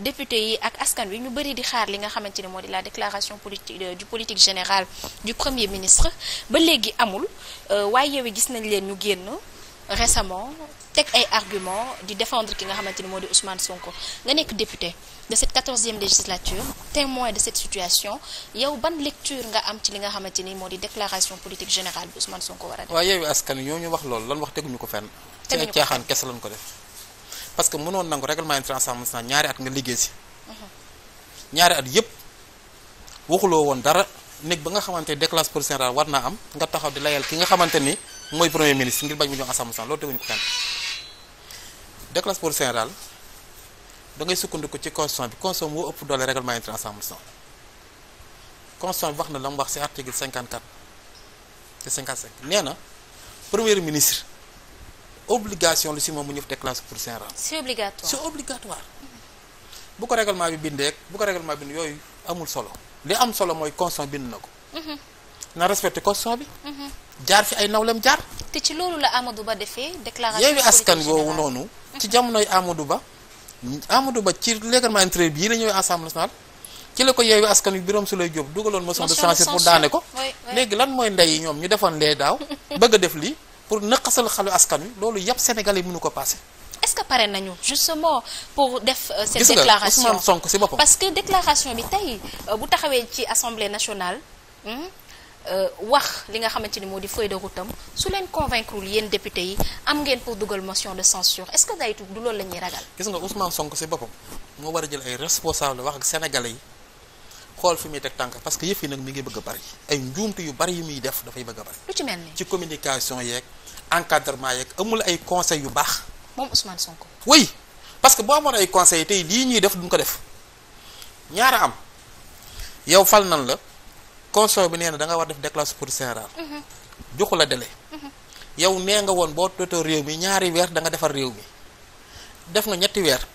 député yi ak askan wi ñu bëri di xaar li nga xamante ne moo di la déclaration politique euh, du politique général du premier ministre ba léegi amul euh, waaye yow yi gis nañ leen ñu génn récemment teg ay argument di défendre ki nga xamante ni moo di Ousmane Sonko nga nekk député de cette quatorzième législature témoin de cette situation yow ban lecture nga am ci li nga xamante ni moo di déclaration politique générale bi Ousmane Sonko war a def. waaw yow askan wi wax loolu lan wax teguñu ko ko fenn ci ay caaxaan kese lañ ko def. parce que mënoon nangu règlement intérieur assemblée nationale ñaari at nga liggéey si ñaari at yëpp waxuloo woon dara néeg ba nga xamante déclasse pour général war naa am nga taxaw di layal ki nga xamante ni mooy premier ministre ngir bañ mu ñëw assemblée nationale loolu teguñu ko kenn déclasse pour général da ngay sukkandiku ci constitution bi constitution moo ëpp doole règlement intérieur assemblée nationale constant bi wax na la mu wax si cinquante 54 te 55 nee na premier ministre obligation lu si moom mu ñëw déclenche pour cinq rangs. c'est obligatoire c'est bu ko règlement bi bindee bu ko règlement bind yooyu amul solo li am solo mooy constat bind na ko. Mhm. na respecté constat bi. Mhm. jaar fi ay nawlem jaar. te ci loolu la Amadou Ba defee déclaration. yeewi askan woowu noonu. Mhm. ci jamonoy Amadou Ba. Amadou Ba ci règlement intérieur bi yi la ñëwee assemblée nationale ci la ko yeewi askan wi Birame Souleye Diop dugaloon motion de censure pour daane ko. léegi lan mooy ndey ñoom ñu defoon lee daaw bëgg def lii. pour naqasal xalu askan wi loolu yëpp sénégalais mënu ko passé. est-ce que pare nañu justement pour def euh, cette déclaration parce que déclaration bi tey euh, bu taxawee ci assemblée nationale hmm, euh, wax li nga xamante ni moo di feuille de route su leen convaincre yéen député yi am ngeen pour dugal motion de censure est-ce que daytu du loolu la ñuy ragal gis nga Ousmane Sonko ci boppam moo war a jël ay responsable wax ak sénégalais yi xool fi muy teg tànk parce que yëf yi nag mi ngi bëgg a bari yu bari yu muy def dafay bëgg a bari lu ci communication yeeg encadrement yeeg amul ay conseils yu baax. moom Ousmane Sonko. oui parce que boo amoon ay conseils tey lii ñuy def duñ ko def ñaara am yow fal nan la conseil bi nee na da nga war def déclaration pour général. Mhm. joxu la délai. Mhm. yow nee nga woon boo dootoo réew mi ñaari weer da nga defar réew mi def nga ñetti weer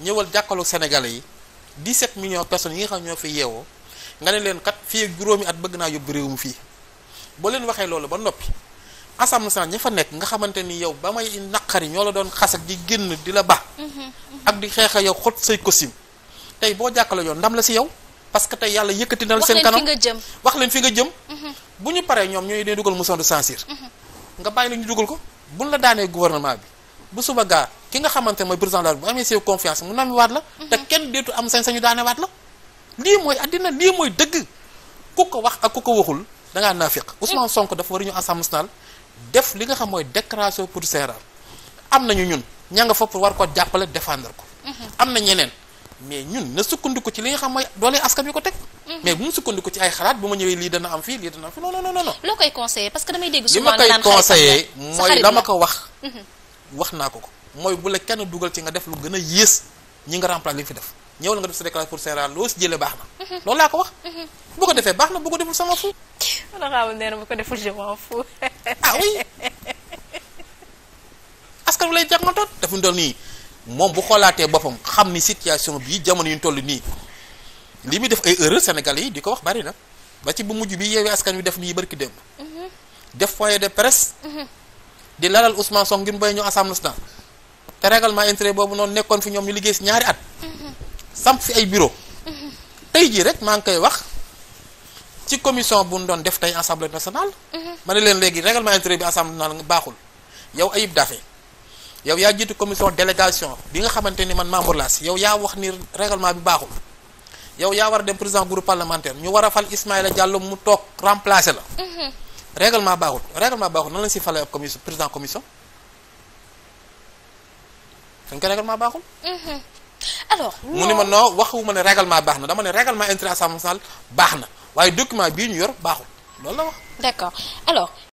ñëwal jàkkaarloog sénégale yi 17 millions personnes yi nga xam ñoo fi yeewoo nga ne leen kat fii ak juróomi at bëgg naa yóbbu réew mi fii boo leen waxee loolu ba noppi. assemblée nationale ña fa nekk nga xamante ni yow ba may naqari ñoo la doon xas di génn di la ba ak di xeex yow xot say kosim tey boo jàkkale yoon ndam la si yow parce que tey yàlla yëkkati na seen kanam wax leen fi nga jëm mhm. bu ñu paree ñoom ñooy dee dugal motion de censure mhm. nga bàyyi la ñu dugal ko buñ la daanee gouvernement bi bu suba gaar ki nga xamante mooy président daal bu amee seen confiance mu nami waat la mhm. te kenn deetu am sañ-sañu daane waat la lii mooy àddina lii mooy dëgg ku ko wax ak ku ko waxul da ngaa naafiq mm. Ousmane Sonko dafa war ñu Assemblée nationale def li nga xam mooy déclaration pour Seereer am nañu ñun ña nga fa pour war ko jàppale défendre ko. Mhm. am na ñeneen mais ñun na sukkandiku ci li nga xam mooy doole askan bi ko teg. Mhm. mais bu ci xalaat bu ma ñëwee lii dana am am fii non koy conseillé ma mooy dama ko wax. Mhm. wax naa ko ko mooy bu la kenn dugal ci nga def lu gën a yées ñi nga remplacer li nga fi def ñëwal nga def sa déclaration pour Seereer loo si jëlee baax na. loolu laa ko wax. bu ko defee baax na bu ko deful sama fu. wala xaawul nee na bu ko deful je m'en askan wi lay jàngantoon daf ñu doon nii moom bu xoolaatee boppam xam ni situation bii jamono yu ñu toll nii li muy def ay erreur Sénégalais yi di ko wax bari na ba ci bu mujj bi yeewee askan wi def nii barki démb. Mhm. def foyer de presse. Mhm. di lalal Ousmane Sonko ngir mbéy ñu Assemblée nationale te règlement intérieur boobu noonu nekkoon fi ñoom ñu liggéey si ñaari at. Mhm. samp fi ay bureau tey jii rek maa ngi koy wax. ci commission bu ñu doon def tey assemblée nationale. Mhm. ma ne leen léegi règlement intérieur bi assemblée nationale baaxul yow Ayib Daffé yow yaa jiitu commission délégation bi nga xamante ni man membre laa si yow yaa wax ni règlement bi baaxul yow yaa war a dem président groupe parlementaire ñu war a fal Ismaïla jàll mu toog remplacer la. Mhm. règlement baaxul règlement baaxul nan lañ si falee ab commission président commission dañ ko règlement baaxul. Mhm. alors. mu ne ma non waxuma ne règlement baax na dama ne règlement intérieur assemblée nationale baax na. waaye document bii ñu yor baaxul loolu la wax.